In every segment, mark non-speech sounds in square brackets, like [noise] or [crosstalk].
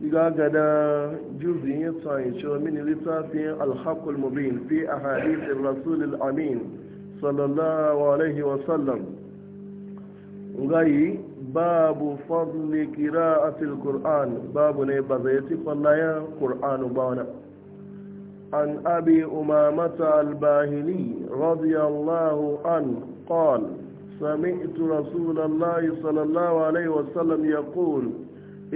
gaga na juzin ya tsaye cewa mini littafin alhakul mubin fi a hadisin rasulul amin sallallahu alaihi wasallam gayi babu fadli kira'atul qur'an babu ne ba zai ci fallayen qur'anu ba wani عن أبي أمامة الباهلي رضي an عنه قال سمعت رسول الله صلى الله عليه وسلم يقول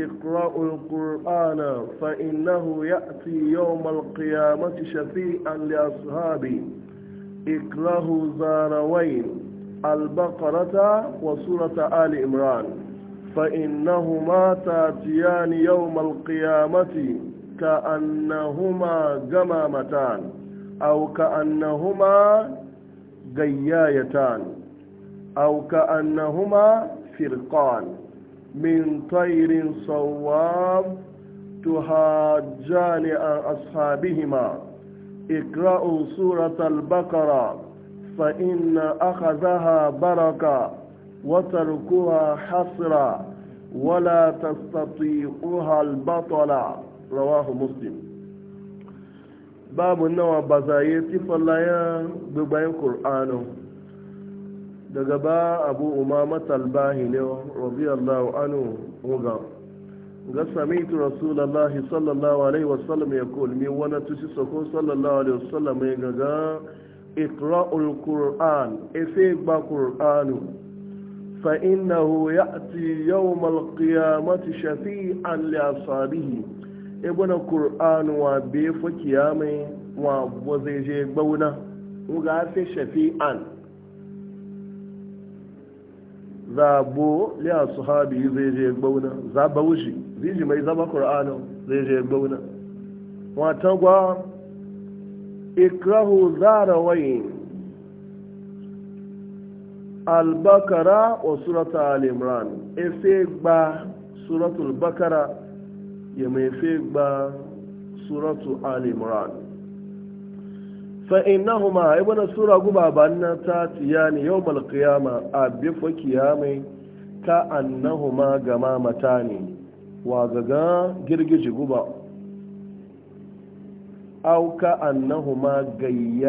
اقرأوا القرآن فإنه يأتي يوم القيامة شفيعا لأصحابي اقرأوا زاروين البقرة وسورة آل إمران فإنهما تاتيان يوم القيامة كأنهما جمامتان أو كأنهما جيايتان أو كأنهما فرقان من طير صواب تهاجان عن أصحابهما اقرأوا سورة البقرة فإن أخذها بركة وتركها حصرا ولا تستطيعها البطلة رواه مسلم باب النوى بزايتي يا ببين قرآنه daga ba abu umama talbahile radiyallahu anu uga ga samitu rasulullah sallallahu alaihi wasallam ya kul wani wana tusi sallallahu alaihi wasallam ya gaga iqra'ul qur'an efe ba Kur'anu. fa innahu ya'ti yawm al-qiyamati shafi'an li ashabihi ibn e qur'an wa bi fa qiyamai wa bozeje gbauna fi fe shafi'an zabo liya su habi zai je gbauna zaba wuce ziji mai zaba ƙur'anu zai je gbauna wata gwa ikrahu zara wayin albakara wa surata al-imran efe gba suratul bakara ya mai fe gba suratu al-imran fa'innahuma ibn sura guba banna ta tiyani yawmal qiyama abifa kiyamai ka annahuma gama mata ne wa gaga girgiji guba au ka annahuma ne?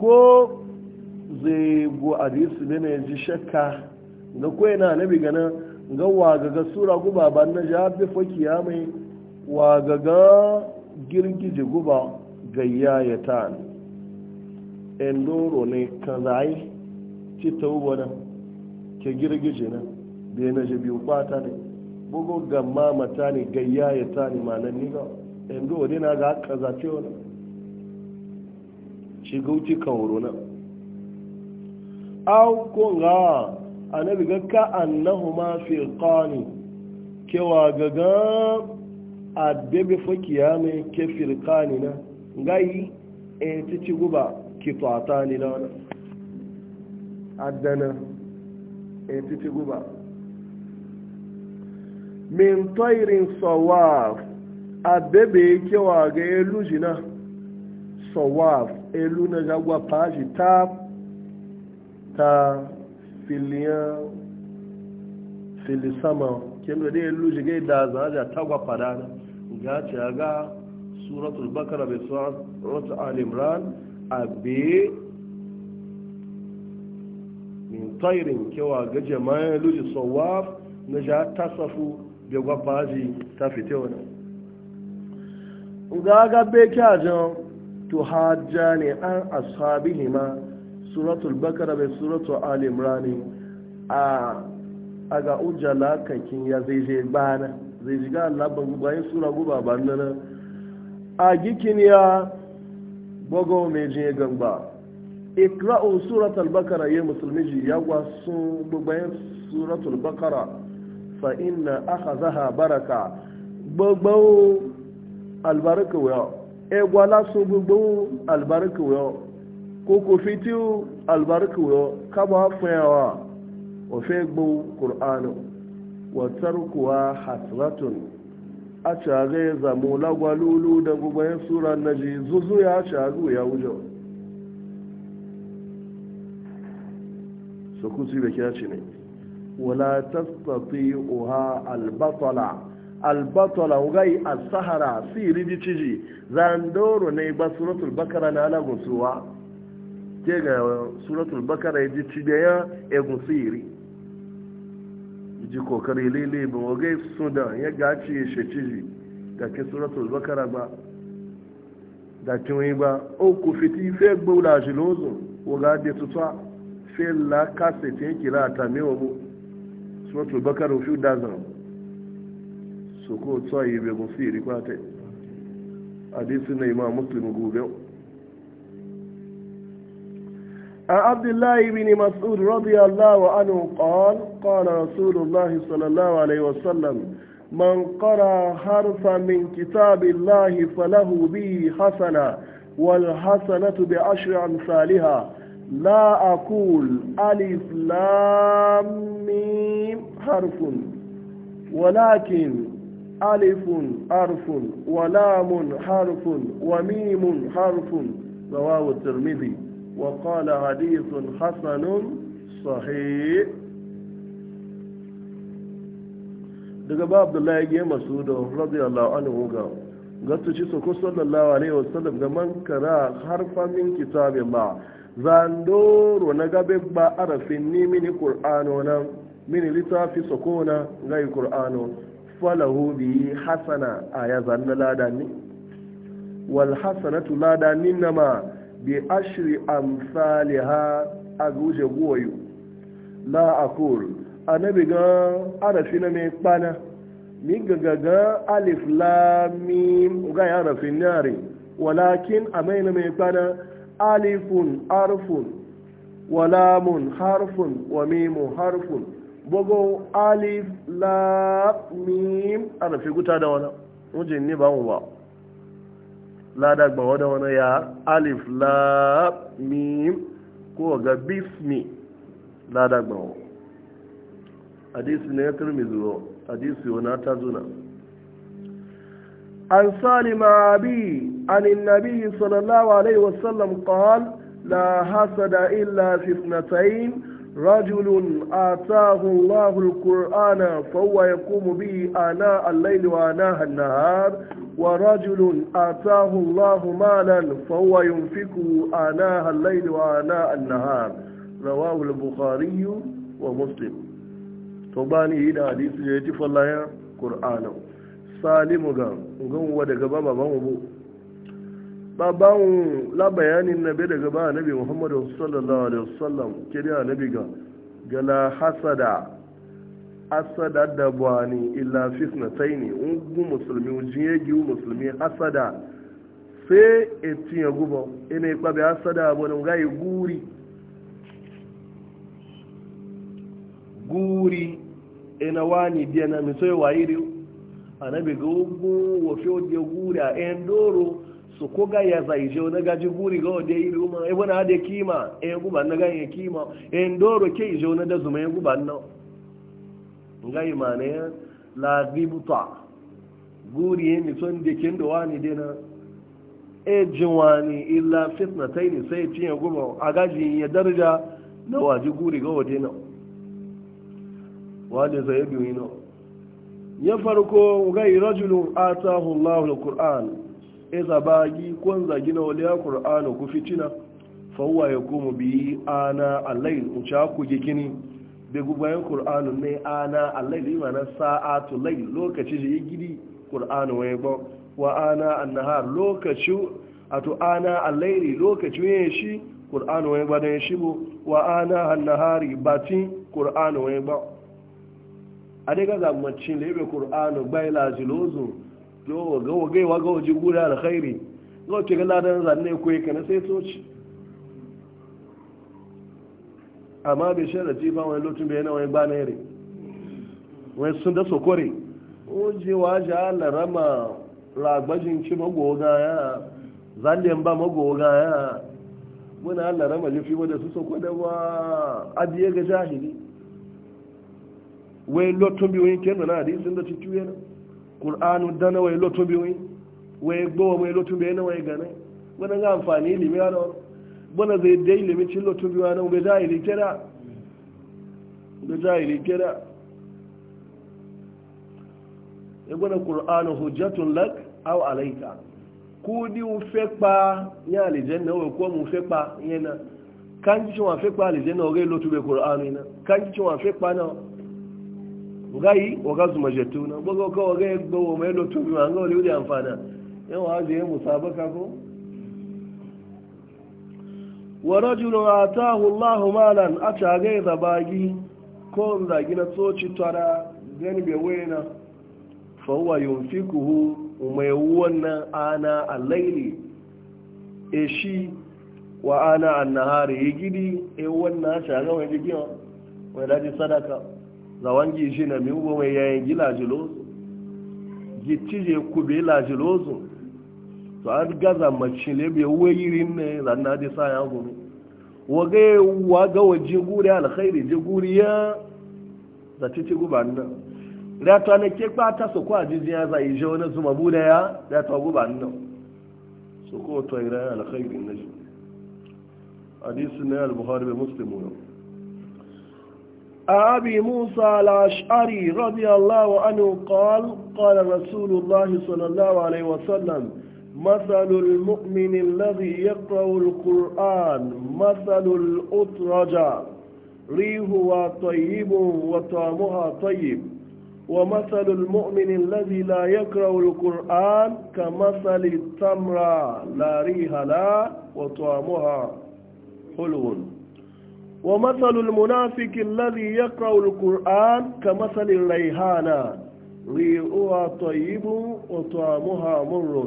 ko zai go hadisi ne ji shakka ga kwai na nabi gana ga wa gaga sura guba banna ja abifa kiyamai wa gaga girgije guba gayya ya ta endoro ne kan zai ci ta ubo nan ke girgije nan da na shi biyu kwata ne bugu ga mamata ne gayya ya ta ne ma nan niga endoro ne na ga kaza ce wani ci wuce kan wuro nan an kunga anabi ga ka ma fi kani kewa gan. a bebe fakiya mai ke firkani na gayi e ta ci guba ki fata ni na wani adana e ta ci guba min tairin sawaf a bebe kewa ga elu jina sawaf elu na jagwa fashi ta ta filiyan filisama kemgbe da elu jigai da zaja tagwa fadana a ga suratul bakara bai suratul alimran a be min tairin kewa ga jama'a luji tsawaf na ja safu da gwabbaji ta fita wani ga be kyajin to hajja ne an ashabihima suratul bakara bai suratul al a ga ujala kakin ya zai je bana zai shiga Allah ba bayan sura guba ba nan a gikin ya bago mai gan gamba ikra'u suratul bakara ya musulmi ji ya gwasu bayan suratul bakara fa inna akhadhaha baraka gbogbo albarka wa e gwala su gbogbo albarka wa ko ko fitiu albarka wa kaba fayawa wa fe gbogbo qur'anu wa tarkuwa hasratun a caga zamu lagwalulu da gubayen sura na ji zuzu ya cagu ya wuce su kusi da kya ci ne wala tsafi uha albatala albatala ugai sahara si di ciji zandoro ne ba suratul bakara na alagun suwa ke ga suratul bakara ya ji cibiyar egun siri ji kokari lele ba wagai sudan ya gaci ya sheciji da ke suratul bakara ba da kinwi ba o ku fiti fe gbula shi lozo ga de tutwa fe la kase te kira ta me wo suratul bakara fi dazan so ko tsayi be go fi rikwate hadisi na imam muslim gobe عن عبد الله بن مسعود رضي الله عنه قال قال رسول الله صلى الله عليه وسلم من قرأ حرفا من كتاب الله فله به حسنة والحسنة بعشر أمثالها لا أقول ألف لام ميم حرف ولكن ألف حرف ولام حرف وميم حرف رواه الترمذي وقال حديث حسن صحيح daga ba abdullahi ya su da radiyallahu anhu ga gatsu ci soko sallallahu alaihi wasallam da man kara harfa min kitabillah zandoro na gabe ba arafin ni mini qur'ano na mini litafi soko na gai qur'ano falahu bi hasana aya zanna ni. wal hasanatu ladani nama bi ashri amsaliha a guje goyo la akul anabi ga arafi na mai kpana mi gaga ga alif lamim ga ya arafin nare walakin a mai na mai kpana alifun arfun walamun harfun wa mimun harfun bogo alif mim arafi guta da wani wajen ni ba mu ba ladagba wadda wani ya alif la mim ko ga bismi ladagba wa hadisi ne ya turmizi wa hadisi wa ta zuna an salima abi an innabi sallallahu alaihi wasallam qal la hasada illa fi ithnatayn رجل آتاه الله القرآن فهو يقوم به آناء الليل وآناء النهار ورجل آتاه الله مالا فهو ينفقه آناء الليل وآناء النهار رواه البخاري ومسلم تباني هنا حديث يتفى فالله قرآنه سالم غام غام ودقبابا غام babawun labayanin nabi daga ba nabi muhammadu sallallahu alaihi wasallam kiriya nabi ga gala hasada asada da bani illa fitna taini ungu musulmi ujiye giwu musulmi hasada sai etin ya gubo ina ya kwabe hasada abu da ga guri guri ina wani biya na miso ya wayiri a nabi ga ugu wafi wajen guri a yan so ko ga ya zai je na gaji buri ga wanda yi ruma e wani da kima e guba na ganye kima e ndoro ke je na da zuma e guba na ngai mane la ributa guri ni son de ken do wani de na e jiwani illa fitnataini sai tiye guba a gaji ya daraja na waji guri ga wanda na wanda zai biyu na. ya farko ngai rajulun atahu Allahu al-Qur'an e bagi kon zagi na waliya qur'anu ku fitina fa ya yakumu biyi ana al-layl in cha ku gikini da gubayen qur'anu ne ana al-layl mana sa'atu layl lokaci ya gidi qur'anu wani ba wa ana an-nahar lokaci ato ana al-layl lokaci ne shi qur'anu wani ba dan shi bu wa ana an-nahari batin qur'anu waye ba adega zamacin lebe qur'anu baila zilozo do waga waga waga waje guda alkhairi ga wace ga ladan zanne ko yake na sai toci amma bai sharaci ba wani lokacin bai yana wani ba na yare wani sun da sokore oje waje ala rama ragbajin ci magoga ya zalliyan ba magoga ya muna ala rama lifi wadda su soko da wa adiye ga jahili wai lokacin bai wani na hadisin da ci tuwe na ƙul'anu dana wai lotubi wai wai gbowa mai lotubi yana wai gane wani ga amfani ilimi a rawar wani zai dai ilimi cin lotubi wa nan bai ili kira bai ili kira ya e gwada ƙul'anu hujjatun lak au alaika ku ni o fẹ́ pa ní na ó kọ́ mu fẹ́ pa yẹn náà káńtì tí wọ́n fẹ́ pa àlìjẹ́nà ọ̀rẹ́ ló tún bẹ kọ̀ọ̀rọ̀ na. iná káńtì tí wọ́n pa ugayi waga su majatu na gogo ko waga ya gogo mai lotu bi ma ngoli uri amfana yan wa je musabaka ko wa rajulu atahu allah malan ata ga zabagi ko zagi gina tsoci tara gani be wena fa huwa yunfikuhu umay wannan ana al-layli e shi wa ana an-nahari gidi e wannan ta ga wani gidan wani daji sadaka zawangi shi na miwu mai yayin gila jilozu gici je kube la jilozu to an gaza mace lebe wayirin ne lanna da sa ya gumi waga waga waje guri alkhairi je guri ya da titi guban nan da to ne ke kwa ta so ko ajiji ya zai je wani zuma bude ya da to guban nan so ko to ira alkhairi ne hadisi ne al-bukhari da muslim ne أبي موسى الأشعري رضي الله عنه قال قال رسول الله صلى الله عليه وسلم مثل المؤمن الذي يقرأ القرآن مثل الأطرجة ريه طيب وطعمها طيب ومثل المؤمن الذي لا يقرأ القرآن كمثل التمرة لا ريها لها وطعمها حلو ومثل المنافق الذي يقرأ القرآن كمثل الريحانة ريئها طيب وطعمها مر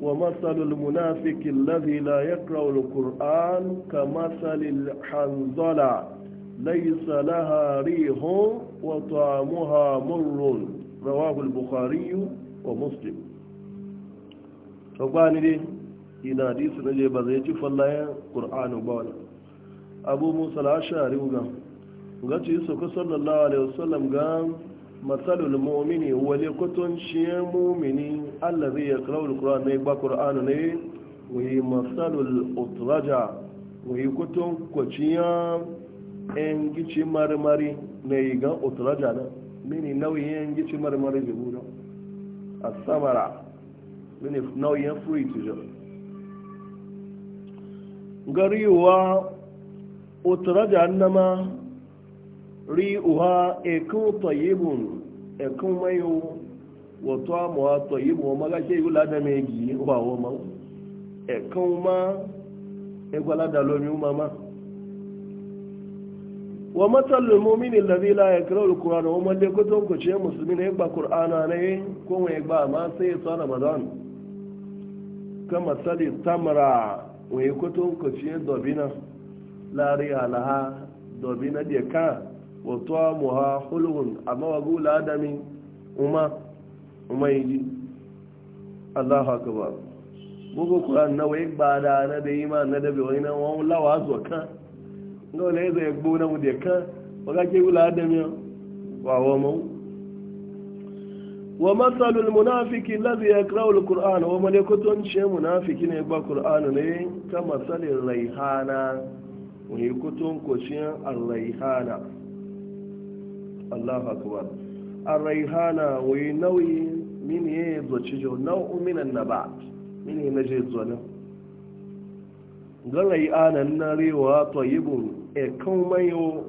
ومثل المنافق الذي لا يقرأ القرآن كمثل الحنظلة ليس لها ريح وطعمها مر رواه البخاري ومسلم فقال لي إن حديث نجيب ذيك فالله قرآن بولا abu musa al'ashari ga gaci yi sauka sallallahu alaihi wasallam ga matsalul mu'mini wale kwatanciyar mu'mini allazi ya karawar kura na igba ƙura'anu ne wai matsalul uturaja wai kwaciya yan gici marmari na iga uturaja na mini nauyin yan gici marmari jibu a samara mini nauyin fruit gari gariwa otura jahannama ri'uha ekun tayyibun ekun mayo wato amuwa tayyibun ma ga ke yula da mai gi wa wa ma ekun ma egwala da lomi ma ma wa matsalin momini lalzi la ya kira alkur'ana wa malle kutun ku ya musulmi na ba kur'ana na ko mai ba e ma sai ya tsara ramadan kama sali tamara wa e kutun ku ce dobina lari alaha dobi na de ka wato muha hulhun amma wa gula adami uma uma yi allahu akbar buku kuran na wai ba da na da yi ma na da wani ina wa lawa zuwa ka Ngo wani zai gbo na mu de ka wa ga ke gula adami wa wa mu wa masalul munafiki lazi ya kira wa kur'an wa malekotun ce munafiki ne ba kur'an ne ta masalin raihana wani kutun kociyar arraihana allahu akbar arraihana wani nauyi mini ya yi zoci jau nau'u minan na ba mini na je zonin garai anan na rewa to yibun e kan mayo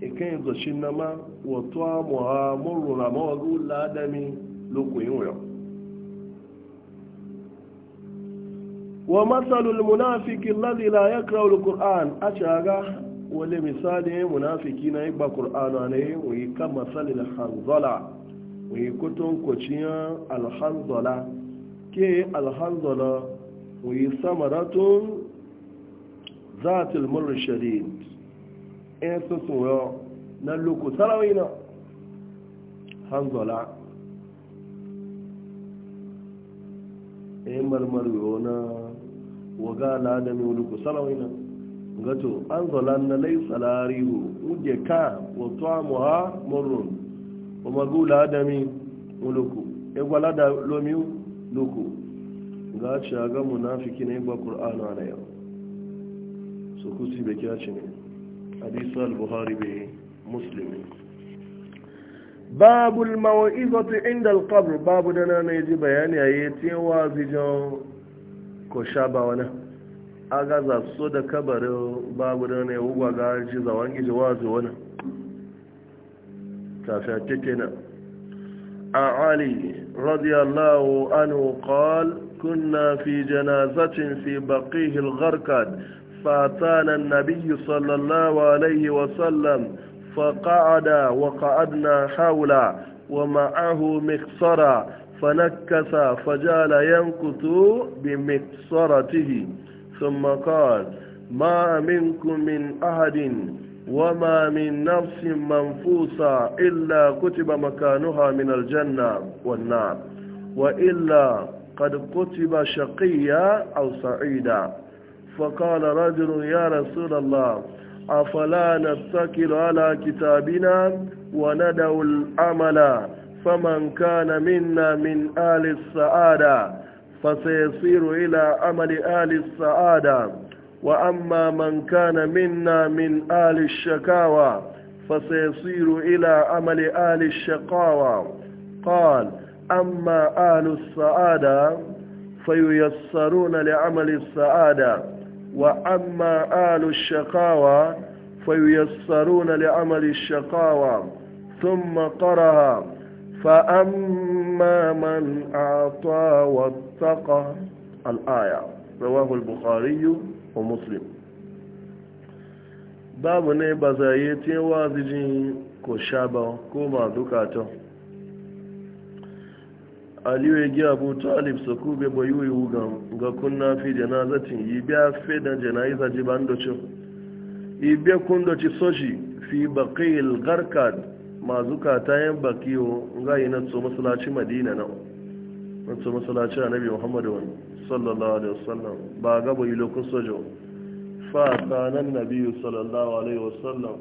e kan yi zoci na ma wato muhammadu ramawa gula dami lokoyin wuyan wa matsalul munafiki lazi la ya krawul ƙur'an a caga wale misali munafiki na ba ƙur'an ne wuyi kan matsalil hanzola wuyi kutun kuciyar alhanzola ke alhanzola wuyi samaratun zatil murshadid in su soyo na luku sarawai na hanzola in marmari na waga lada mai wuluku sarawina gato an zalan na lai salarihu wuge ka wato amuha murrun o magu lada mai wuluku egwa lada lomi luku ga ci a ga munafiki na igba kur'anu ana yau su kusi bai kya ci ne hadisu al-buhari bai muslimi babul mawa'izotu inda al-qabr babu dana na yaji bayani a yi tiyan wazijan ko sha ba wani aga za so da kabarin babu da ne wugwa ga ji za wangi ji wazo wani tafiya cikin na a ali radiyallahu anu qal kunna fi janazatin fi baqihi al-gharqad فأتانا النبي صلى الله عليه wa فقعد hawla wa ومعه مخصرا فنكث فجعل ينكث بمقصرته ثم قال ما منكم من أحد وما من نفس منفوسة إلا كتب مكانها من الجنة والنار وإلا قد كتب شقيا أو سعيدا فقال رجل يا رسول الله أفلا نتكل على كتابنا وندع العمل فمن كان منا من آل السعادة فسيصير إلى عمل آل السعادة وأما من كان منا من آل الشكاوى فسيصير إلى عمل آل الشقاوى قال أما آل السعادة فييسرون لعمل السعادة وأما آل الشقاوى فييسرون لعمل الشقاوى ثم قرأ فأما من أعطى واتقى الآية رواه البخاري ومسلم باب نيبا ba zaye كشابا zijin ذكاته aliyu ya gina abu talib su kube bayu yi wuga ga kunna fi janazatin yi biya fi da janaiza jibandocin ibe kundoci soshi fi bakil garkad masu baki bakiyo ga yi nan so masalaci madina na na so a nabi muhammadu wani sallallahu alaihi wasallam ba gaba yi lokun sojo fa kanan nabiyu sallallahu alaihi wasallam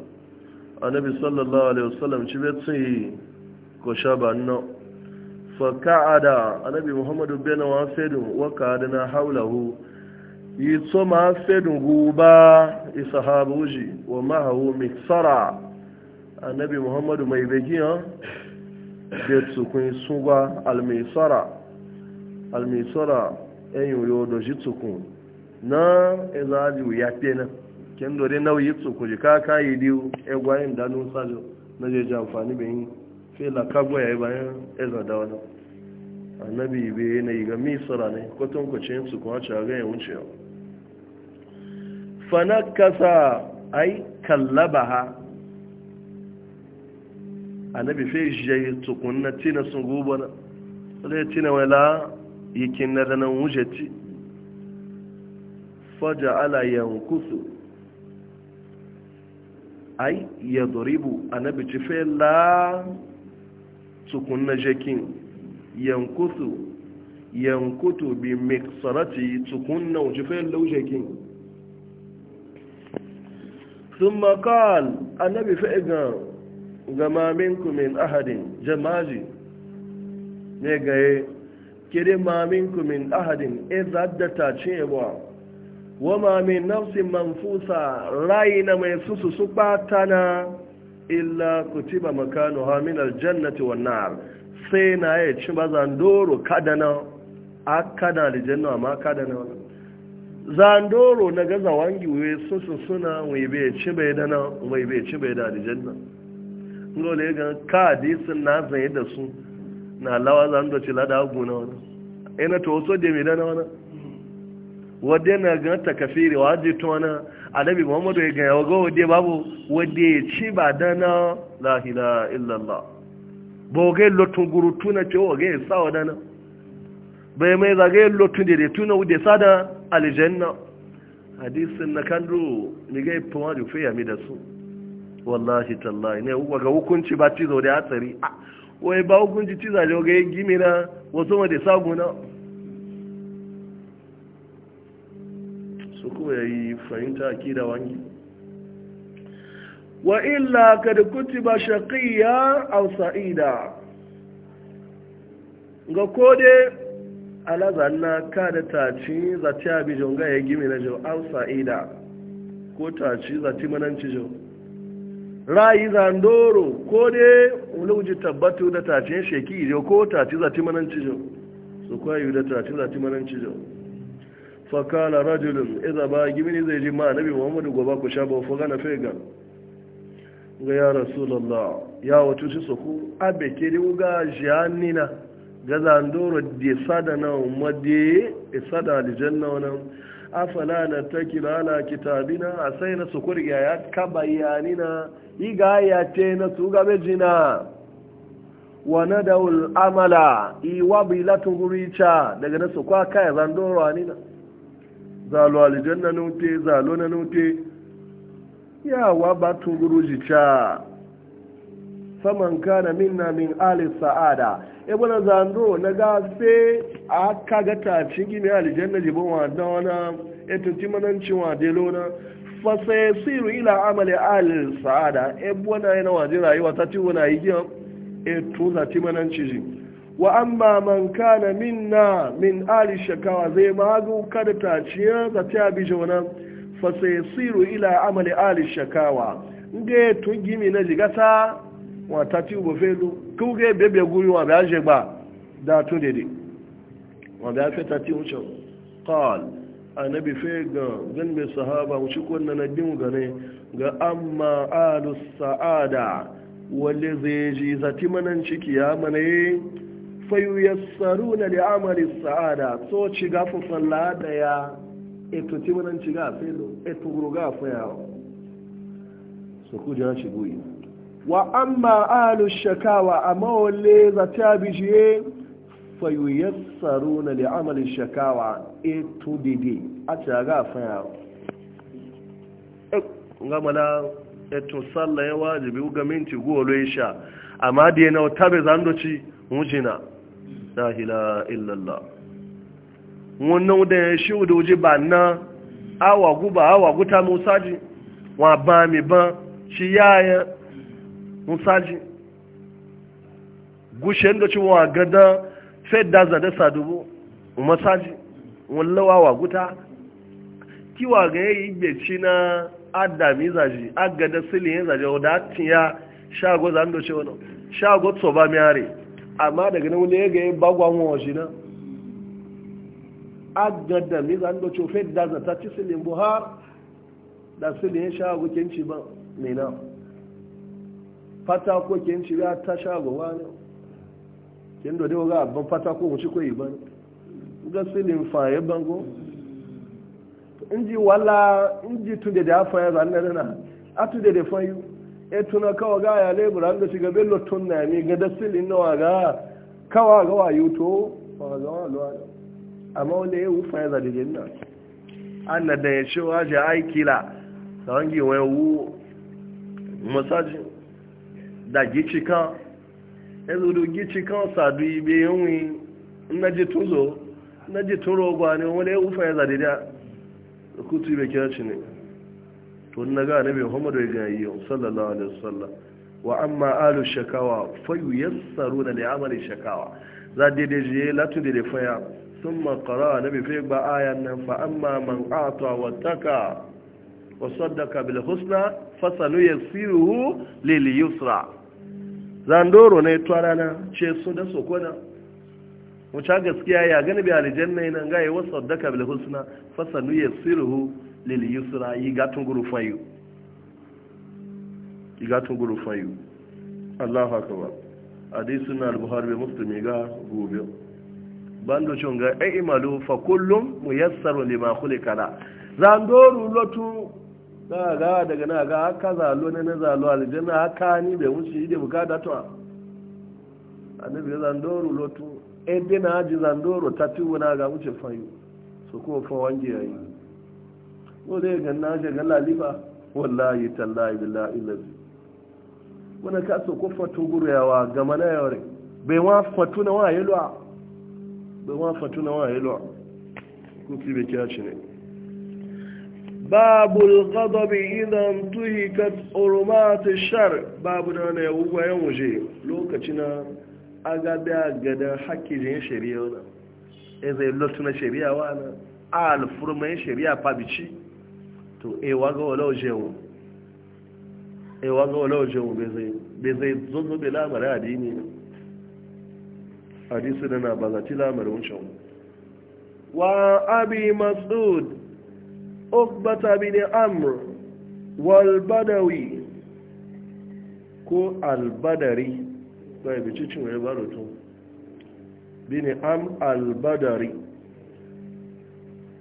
nabi sallallahu alaihi wasallam ci bai tsaye ko sha ba na fa ka'ada annabi muhammadu bena wa fedun wa ka'adana haulahu yi tso ma fedun guba isahabuji wa mahawu miksara annabi muhammadu mai begiyan da tsukun sun gwa almisara almisara yan yiwuwa da shi tukun na izaji ya fiye na kin dore nauyi tsukun yi kayi biyu egwayin da nusa na jeji amfani bayan fela kagwa ya yi bayan ezar da wani annabi bai na ga misara ne kwatankwacin su tukun ci a ganyen wucewa fanakasa ai kallaba ha annabi fe jayi tukunna tina sun gubo na sai tina wala yikin na da nan ci faja ala yankusu ai ya doribu annabi ci fe la tukunna jekin yankusu yankutu bi miksarati tukunna wuce fe la wujekin ثم قال النبي فإذا gama minku min ahadin jamaji ne gaye kiri ma minku min ahadin izaddata e cewa wa ma min nafsin manfusa rai na mai susu su na illa kutiba makano. ha min aljannati wan nar sai na ya ci zandoro kadana da jannu ma kadana zandoro na gaza wangi we susu suna we bai ci bai dana we bai ci bai da jannu dole ga kadi sun na zai da su na lawa zan da ce lada agu na wani ina to so da mai dana na wani wadda yana ga ta kafiri wa ji to wani adabi muhammadu ya ga ya ga wadda babu wadda ya ci ba dana lahila illallah. Ba illallah bo ga lotun guru tuna ce wa ga ya sa wa da na bai mai zagaye lotun da ya tuna wadda ya sa da aljanna hadisun na kandu ni ga ifa wa da fiya mi da su wallahi tallahi ne ga hukunci ba cizo da hatsari wai ba hukunci ciza da ga gimi na wasu ma da saguna su kuma ya yi fahimta a kira wangi wa illa ka da kuti ba shaƙiya a sa'ida ga kode alazanna ka da taci zati abijin ga ya gimi na jau a sa'ida ko taci zati mananci jau ra'ayi zandoro ko dai wulauji tabbatu da tafiye sheki iri ko taci zati mananci jo su kwayo da taci zati mananci jo fakala rajulun iza ba gimini zai ji ma nabi muhammadu gobe ku sha ba faga na fega ga ya rasulallah ya wato shi su ku abe ke da wuga jihanina ga zandoro da sada na umar da ya sada na. wani afala na takila ala kitabina a sai na sukur ya ka bayani na ga ya ce na su ga jina wa na da amala iwa latin gurica daga na su kwa kaya zandoro anina zalo na nute zalo na nute yawa batun gurujica faman kana minna min ali sa'ada e bana zando na gafe aka gata ta cigi mi aljanna jibon wa dawana e timanan ciwa wa delona fa sayasiru ila amali ali sa'ada e bana ina wa rayuwa ta ci wona yi giya e to e za timanan ciji wa amma man kana minna min ali shakawa zai ma ga kada ta ciya za ta bi jona fa sayasiru ila amali ali shakawa nge tun gimi na jigata wọn tati wo fẹ́ lu kíwúgẹ́ bẹ́bẹ̀ gúrí wọn bẹ́ ṣe gbà dáàtú dédé wọn bẹ́ fẹ́ tati ń ṣan kọ́ọ̀lù anabi fẹ́ gan gan bẹ sahaba wọn ṣe kó nana dín ne ga amma alu sa'ada wale zai ji zati manan ciki ya mana yi fayu ya saru na da amari sa'ada so ci gafa falla da ya eto ti manan ci gafa eto guru gafa yawa so ku jana shi goyi wa amma alu shakawa amma wale za ta bijiye fayyassaru na li'amalin shakawa a e to dede a caga faya gamana eto sallah ya wajibi ga minti golo sha amma da yana wata bai zandoci mujina la ila illallah wannan da ya shi da ba na awa guba awa guta musaji wa ba mi ba shi yaya musaji gushen da cewa gada fedda zade sadubu masaji wallawa wa guta kiwa ga yayi gbeci na adami zaji agada siliyin zaje da tiya shago zan do ce wono shago to ba miare amma daga nan ne ga yayi bagwa mu washi na agada mi zan do ce fedda zata ci silin buhar da siliyin shago kenci ba ne na fata ko kin ci ga ta shago wani kin do dewa ga ban fata ko ci ko iban ga silin fa ya bango inji wala inji tunde da fa ya zanna na atude da fa yu e tuna kawa ga ya le buran da shiga bello tunna mi ga da silin nawa ga kawa ga wayu to fa ga walwa amma wale wu fa ya zade jinna an da ya ce wa ja aikila da wangi wayu masaji da gici kan ezudu gici kan sadu ibe yawon na ji tuzo na ji turo gwa ne wani ufa ya zade da kutu ibe kira ci ne to na ga nabi muhammadu ya gani yau sallallahu alaihi wasallam wa amma alu shakawa fayu yassaru na da amali shakawa za daidai je latin da da faya ثم قرأ نبي في بآية فأما من أعطى واتقى وصدق بالحسنى فسنيسره لليسرى zandoro ne ito na ce su da su kuna wuce gaskiya ya gani bi alijanna yana ga yi wasu daga bil husna fasanu ya siruhu lil yusra yi gatun guru fayu yi gatun guru fayu Allahu akbar hadisi na al bai musu mai ga gobe bando ga ai imalu fa kullum yassaru lima khuliqa zandoro lotu za ga daga na ga haka zalo ne na zalo aljanna haka ni bai wuce ide bukata to annabi zandoro lotu ebe na aji zandoro ti na ga wuce fayu su ko fa wange yayi ko dai ga na ga lalifa wallahi tallahi billahi illazi wani ka so ko fatu guryawa ga mana yare bai wa fatu na wa yelwa bai wa fatu na wa yelwa ko ki be shi ne باب الغضب إذا انتهكت حرمات الشر باب دانا يوغا يوجي لوكتنا أغدا غدا حكي جين شريعنا إذا يلوتنا شريعة وانا alfurman shari'a fabici to ewa ga walau jewo ewa ga walau jewo bai zai zozo bai lamarin adini ne hadisi da na bazati lamarin wucin wa abi masud عقبة بن عمرو والبدوي كو البدري طيب تشيشن عبارته بن عمرو البدري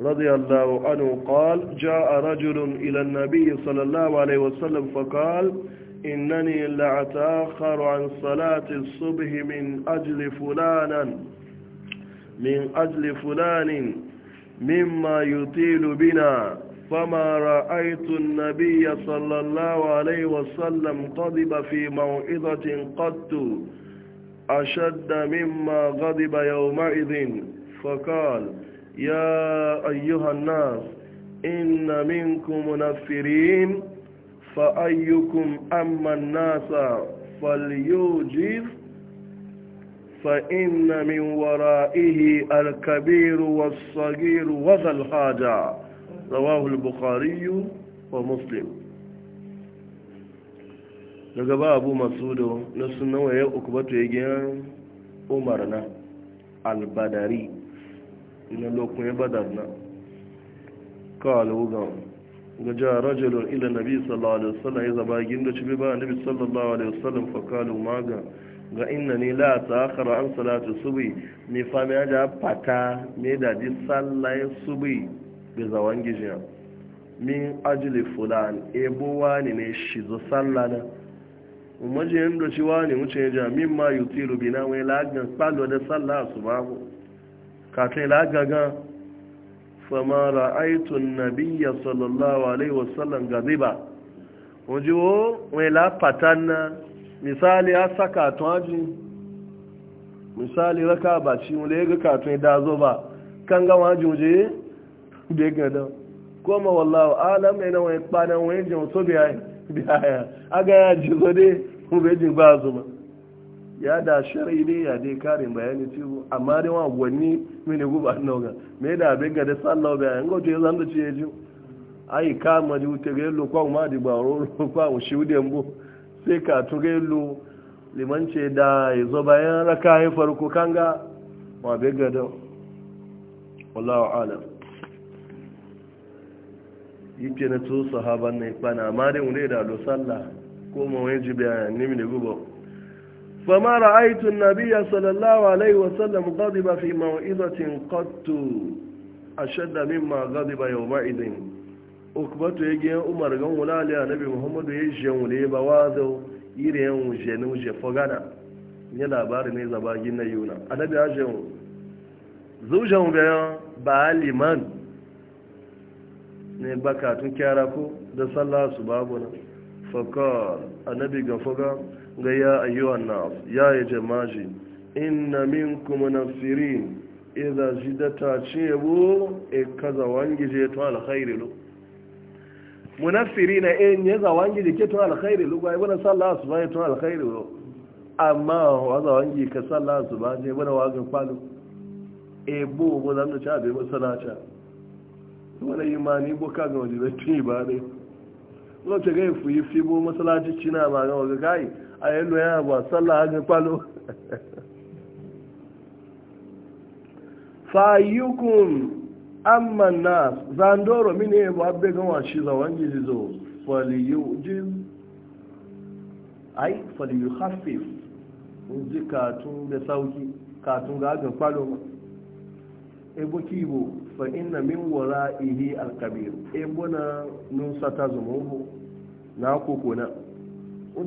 رضي الله عنه قال جاء رجل إلى النبي صلى الله عليه وسلم فقال إنني لأتأخر عن صلاة الصبح من أجل فلانا من أجل فلان مما يطيل بنا فما رأيت النبي صلى الله عليه وسلم قضب في موعظة قط أشد مما غضب يومئذ فقال يا أيها الناس إن منكم منفرين فأيكم أما الناس فليوجف فإن من ورائه الكبير والصغير وذا الحاجة رواه البخاري ومسلم daga ba abu masudu na sunawa ya ukubatu ya gina umar na albadari na lokun badar na kawalugan ga ja rajulun ila nabi sallallahu alaihi wasallam ya zaba ginda ci bi ba nabi sallallahu alaihi wasallam fa kalu maga ga inna ni la ta akhara an salatu subi ni fa me aja pata me da di sallai subi be zawan gijiya min ajili fulan ebo bo wani ne shi zo sallana umaje ndo ci wani wuce ja min ma yutiru bina we lagan palo da salla subahu ka kai lagaga fama ra'aytu an-nabiyya sallallahu alaihi wasallam gadiba ojo we la na. misali ya sa katon aji misali raka ba ci wule ya ga katon da zo ba kan gama juje da ya gada koma wallawa alam ne na wani kpanan wani jin so biya aga ya ji zo dai kuma bai jin ba zo ba ya da shari'i ne ya dai karin bayani ci amma dai wa gwanni mini guba noga me da ga da sallawa bayan gojo ya ci ya ji ai ji ga kwa ma di ba roro kwa shi mbo sai ka ture lo limance da ya zo bayan raka ya farko kanga ma bai gada wallawa alam yi ke na to sahaban na ifana amma dai wule da losalla ko ma mawai ji bayan nemi da gubo ma ra'aitun nabiya sallallahu alaihi wasallam gadi ba fi mawa'izatin kotu a shadda ma gadi ba yau ma'izin ukubatu ya gina umar gan wula ali nabi muhammadu ya je wule ba wazo iri yan wuje ne wuje fogana ne labari ne zaba gina yuna annabi ya je zujan ga ba liman ne baka tun kyara ko da sallah su babu na a nabi ga foga ga ya ayyuhan na, ya ya jama'i inna shi da ta ce chebu e kaza wangije to alkhairu munafiri na eh, in ya wangi da ke tun alkhairi lugwa ibn sallah su ba tun alkhairi ro amma wa wangi ka sallah su ba je ibn wa ga kwalu e eh, bo bo da ta be masalacha wala imani bu ka ga wani tun yi ba ne ko ce ga ifu yi fi bo masalaci cina ma ga ga kai ayelo ya ba sallah ga kwalu [laughs] fayukun amma na zandoro mine ba abbe ga shi za wani zizo faliyujiz ai faliyuhaffif ji katun da sauki katun ga agan kwalo ma ebo kibo fa inna min ihe alkabir ebo na nun sata zumubu na koko na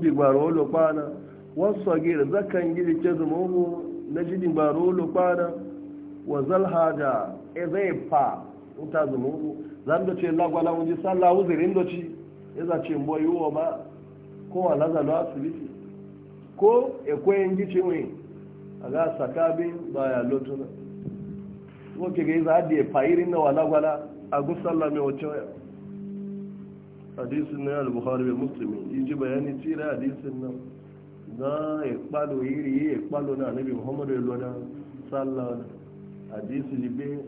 ji gbara lo kwana wasu gir zakan gidi ke zumubu na jidin gbara lo kwana wa zalhada e zai fa uta zumuru zan da ce lagwala wunji sallah uzirin da ci ya za ce mbo yiwo ma ko wa lazalo asibiti ko ekwe koyen gici mai sakabi, ga sakabin ba ya lotuna ko ke ga za da fa irin na walagwala a gu sallah mai wace waya hadisin na al-bukhari da muslim yi bayani tira hadisin nan za ya kpalo iri ya na nabi muhammadu ya lona sallah hadisi jibe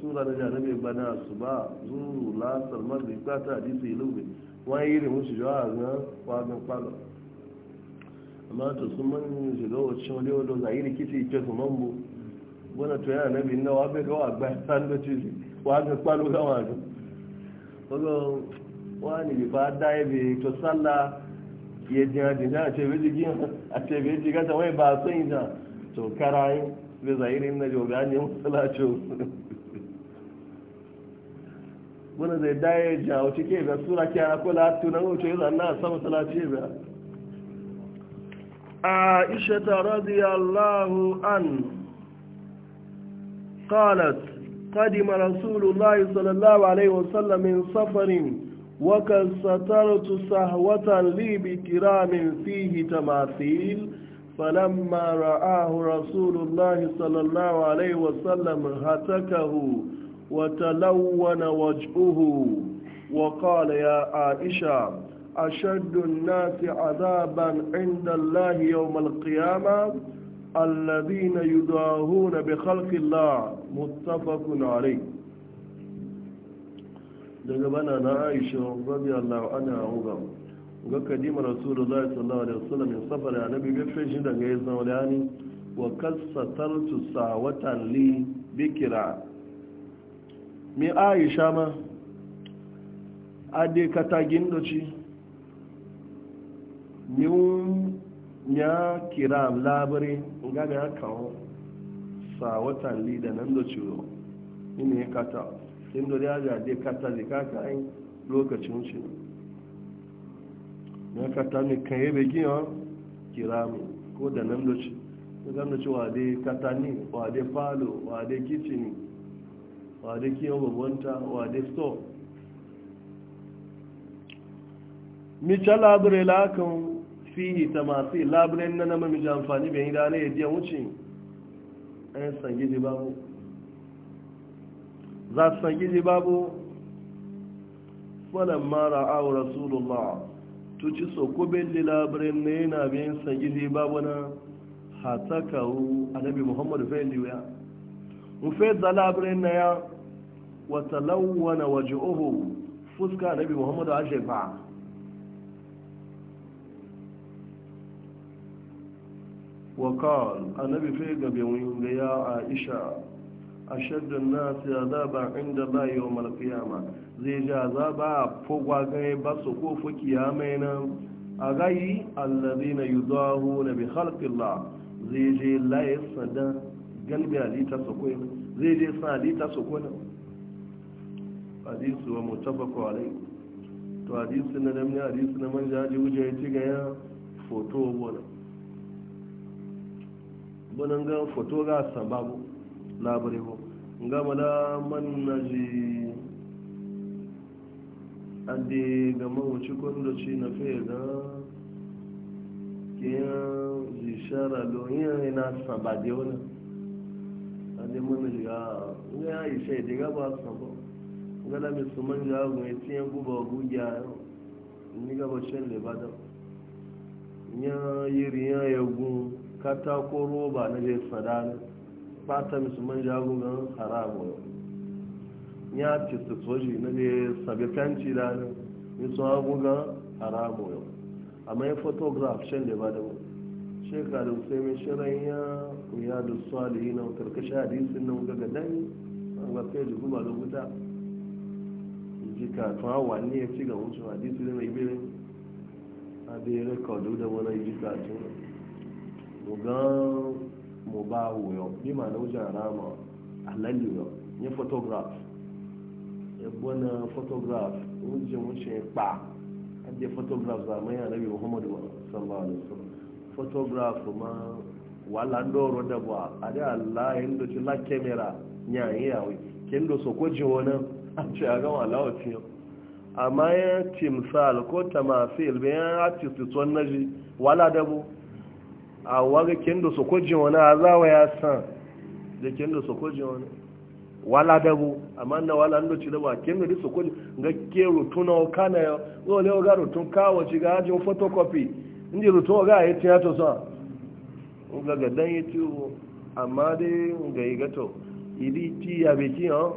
sura na janabe bana su ba zuru lasar ilube wani yi da musu jawa na kwanan kwano amma to sun mani shiga wacce wani wadda za a yi rikici ike su mambo wani to yana nabi na da ga wani bi fa da ya bi to sallah ya jina jina a ce bai a ce bai jigata wai ba yi na to karayin bai na jogani wani zai daye jawo cike ga sura kyara ko latu na wuce yi zanna sama talace ba aisha ta radiyallahu an qalat قدم رسول الله صلى الله عليه وسلم من سفر وقد سترت سهوة لي بكرام فيه تماثيل فلما رآه رسول الله صلى الله عليه وسلم هتكه وتلون وجهه وقال يا عائشة أشد الناس عذابا عند الله يوم القيامة الذين يداهون بخلق الله متفق عليه daga bana na aisha allahu anha uga ga kadima rasulullahi sallallahu alaihi wasallam in safara ya nabi bai fashin daga yasan wani wa kasatartu sawatan li bikira mai aisha ma ade katagin doci yun ya kira labari gaga ya kawo sa watan lida nan doci ro ina ya kata inda da ya jade kata zai kaka ayin lokacin shi ya kata mai kan begi ya kira mai ko da nan doci ya zama cewa dai kata ne wa falo wa dai kicini wade kiyan gwagwanta wade Mi mica labirai lakan fihi ta masu labirai na nama mija amfani bayan gida na yadda wuce ɗan sangiji babu za su sangiji babu falon mara awu rasulullah tuci sokobin labirai na yana bayan sangiji babu na hatakawu annabi muhammadu fayin liwaya mu fai labirai na ya watalawana ohu fuska bi muhammadu a shefa wa kawal a nabi fai gabin da ya aisha a shaddun nasu ya zaba inda ba yi wa malafiyama zai ja zaba a fogwagai ba su kofu kiyamai nan a gayi allazi na yi zuwa nabi halfila zai je laye sadan galibin alita su kuna zai je sadita su kuna hadisu wa mutafaku alai to hadisi na damni hadisi na manja ji wuce ya ci gaya foto wani bunan ga foto ga sababu labarai ko gama da man na ji adi gama wuce kwandoci na fiye da kiyan zishara ina yana sabade wani adi mana shiga ah, ya yi shaidi gaba sabo gana mai su manja agun ya tiye e guba gugya ni gaba shan lebada ya riya ya gu katako roba na je sadana fata mai su manja agun gan haramu ya ce su soji na je sabikanci da nan mai su ga gan haramu yau amma ya photograph shan lebada mu shekaru sai mai shirin ya kuya da alihi na karkashin hadisin nan gaga dani a ga feji guba da guda kika tun awa ni ya ci ga oh, wuce hadisi ne mai bere abin da wani jika tun mugan mu ba wuyo bi ma na wuce rama alalli ya photograph ya buwana photograph wuce wuce pa adde photograph za mai muhammadu sallallahu alaihi wasallam photograph ma wala ndoro da ba ade ci la camera nya yawi kendo so ko jiwona a ce a gama lawaci yau amma ya ce misal ko ta masu bayan artist su na ji wala dabo a waga kendo su kojin wani a zawa ya san da kendo su kojin wani wala dabo amma na wala ndo ci dabo a kendo su kojin ga ke rutuna o kana ya zo ne ga rutun kawo ci ga ajin photocopy inji rutun ga ya to sa ga ga dan yi tiyo amma dai ga yi gato idi ti ya beki ha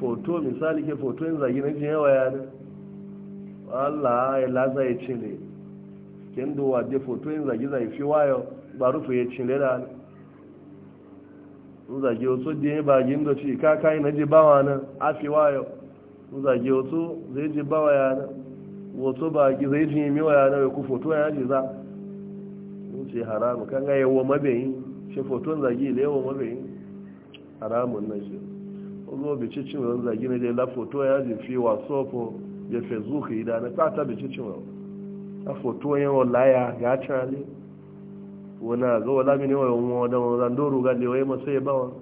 foto misali ke foto yin zagi na jin yawa yana Allah ya laza ya cile ken do wa de foto yin zagi zai fi wayo ba rufe ya cile da su zagi wasu da ya bagi da ci kaka yi na ji bawa nan a fi wayo su zagi wasu zai ji bawa yana wasu ba gi zai ji mi waya na ku foto ya ji za su ce haramu kan ga yawo ce shi foton zagi da yawon mabeyin haramun na shi ozo bi cicin ran zagi na dai la foto ya ji fi wasofo ya facebook ida na ta ta bi a foto yan wallahi ga tale wana ga wala mi ne wa mu da ran ga le wai ma sai ba wa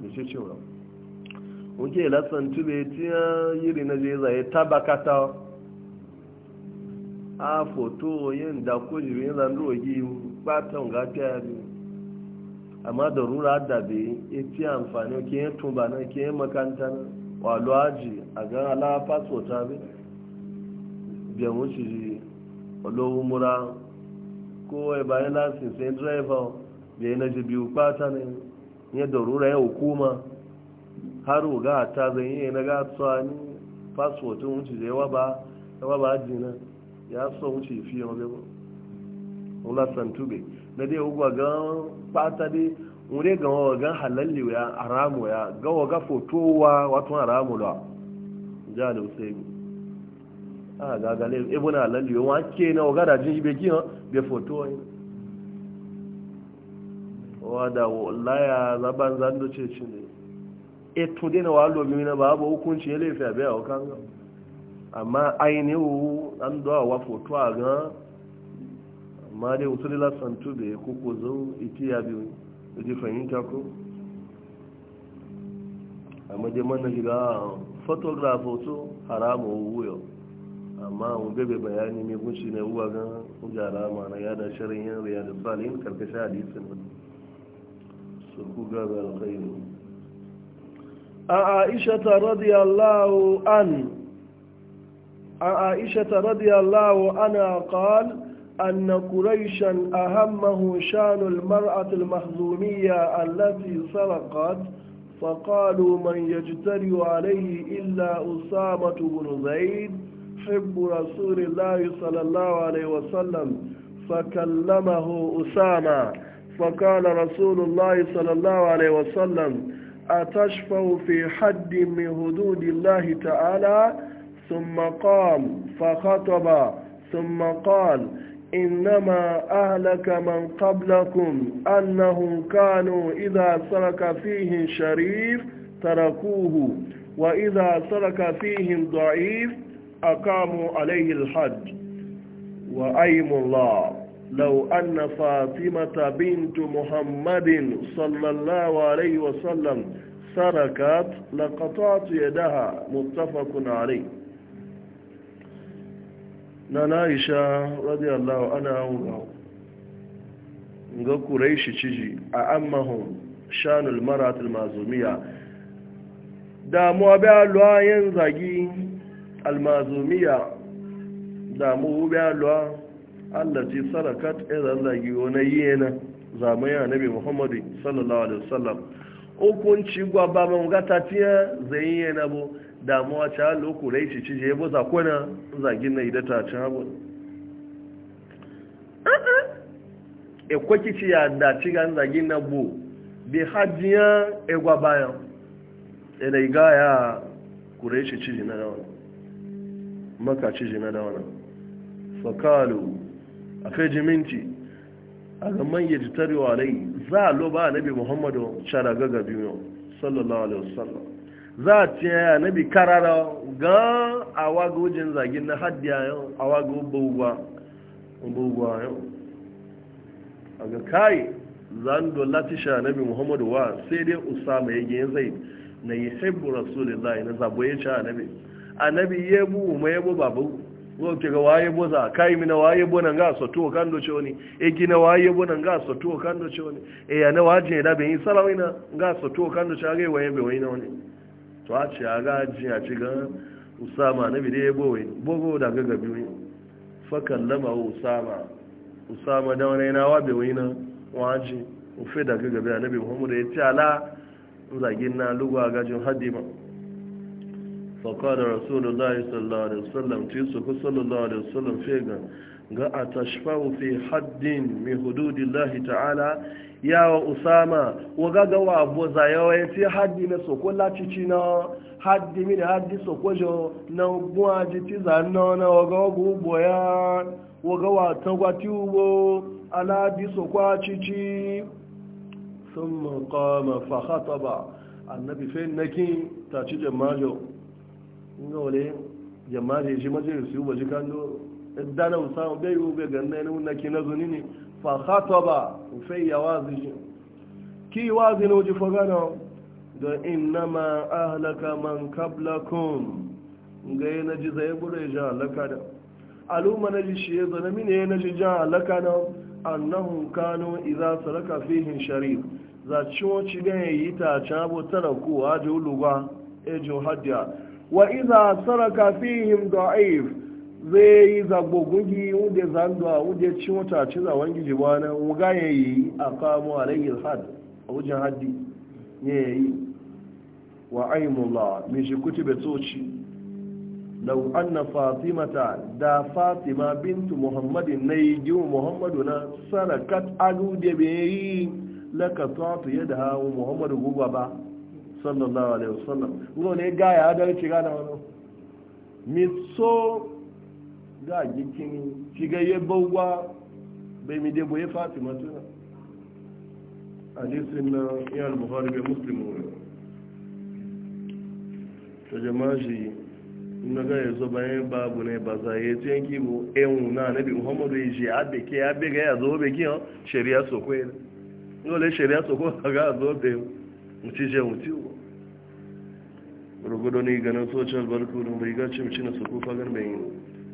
bi cicin tube ti yiri na je za tabakata a foto yan da ta ga ta amma da rura da bai ya fi amfani ke yin tumba na ke yin makanta na walo aji a gan ala faso ta biyan wuce ji olówó múra kó bayan yẹn láti ṣe dírẹ́fà biyan na ji biyu pátá ne ya da rura ya hukuma har ga ta zan yi na ga tsawa ni faso wuce da yawa ba yawa aji na ya so wuce fiye wa bai ba wula santube na dai a ga fata dai wure ga wagan halalli ya haramu ya ga waga fotowa wato haramu da ja da usaimi a ga ga le ibn e halalli wa ke na waga da jin ibe kiyo be fotowa ina wa da wallahi zaban zan do ce etu e to dai na walo mi na babu hukunci ya lefi abe a kanga amma ainihu an do wa fotowa ga amma dai wasu dila santu da ya kuku zau iti ya biyu da ji fahimta ko amma dai mana shiga photograph su haramu wuyo amma mun bebe bayani mai kunshi na uwa ga jara mana ya da shirin yin riya da salin karkashin ne. su ku gaba alkhairu a aisha ta radiyallahu an a aisha ta radiyallahu ana qala أن قريشا أهمه شان المرأة المخزومية التي سرقت فقالوا من يجتري عليه إلا أسامة بن زيد حب رسول الله صلى الله عليه وسلم فكلمه أسامة فقال رسول الله صلى الله عليه وسلم أتشفى في حد من حدود الله تعالى ثم قام فخطب ثم قال إنما أهلك من قبلكم أنهم كانوا إذا سلك فيهم شريف تركوه وإذا سلك فيهم ضعيف أقاموا عليه الحج وأيم الله لو أن فاطمة بنت محمد صلى الله عليه وسلم سركت لقطعت يدها متفق عليه na na'isha radiyallahu ana hunwa ga kuraishi ciji a ammahun shanul maratul mazumiya damuwa biya luwa yin zagi almazumiya damuwa biya luwa allaci sarakat idan e zagi wani zama zamaya nabi muhammadu sallallahu alaihi wasallam hukunci gwaba mamgata tiya zai yana bu damuwa ci halu kurai ci ci je boza kona zagin na idata ci hagu ekwaki ci ya da ci ga zagin na bu bi hajiya egwa bayan e ina iga ya kurai ci ci na dawana maka ci na dawana fakalu a feji minti a rai za a loba nabi muhammadu shara gaga biyu sallallahu alaihi wasallam za a ce ya bi karara ga awa ga wujin zagin na haddiya yau awa ga bugwa yau a ga kayi zan sha na bi muhammadu wa sai dai usama ya gina zai na yi haibu rasulullahi na zabo ya a anabi anabi ya bu ma ya bu babu Wauke ke ga waye bo za kai mina waye bo nan ga soto kan do choni e gina waye bo nan ga soto kan do choni e ya na waje da be yi salawina ga soto kan do chage waye be wayna wani to a ce a gaji a ci usama na bide ya bowe bogo da gaga biyu fakan lama usama usama da wani yana wabe wani na waji ufe da gaga biyu annabi muhammadu ya ce ala zagin na a gajin hadima فقال رسول الله صلى الله ga a tashfan fi haddin mai hududillahi ta'ala wa usama wa ga wa abu zayawa fi haddi na soko lacici na haddi mini haddi soko jo na gwa jiti zanna na waga wagu boya waga wa tagwati ubo ala bi soko acici sun makama fahata ba annabi fe naki ta ci jamajo ga wale jamaje shi majalisi ubo ji kan doro dana usama bai yi bai ganna ne wunna ki na zuni ne fa khataba fai ya wazi shi ki wazi na. wuji fagana da innama ahlaka man kabla qablakum ga yana ji zai bure ja halaka da al'umma na ji shi ya zana mini yana ji ja halaka na annahum kanu idza saraka fihin sharif za ciwo ci ne yi ta can cabo tana kuwa ji lugwa ejo hadiya wa idza saraka fihim da'if zai yi zagbo wunde zandwa wunde cin wata ci za wangi ba na wuga ya yi a kamo alayhi had a wajen haddi ne ya yi wa aimula mai shi kuti betoci Da anna fatimata da fatima bintu Muhammadu na yi giwu muhammadu na sarakat alude da bai yi lakatatu yadda hawa muhammadu guba ba sallallahu alaihi wasallam ne gaya adalci gana wani mitso za a gikini shiga ya bauwa bai mi debo ya fatima na hadisin na iya buhari bai muslimu ne ta jama'a shi na ga ya bayan babu ne ba za ya ce yanki bu eh, na muhammadu ya shi abe ke abe ga ya zo bai kiyan ya shari'a ga zo bai mutu je mutu rugudu ne ganin social na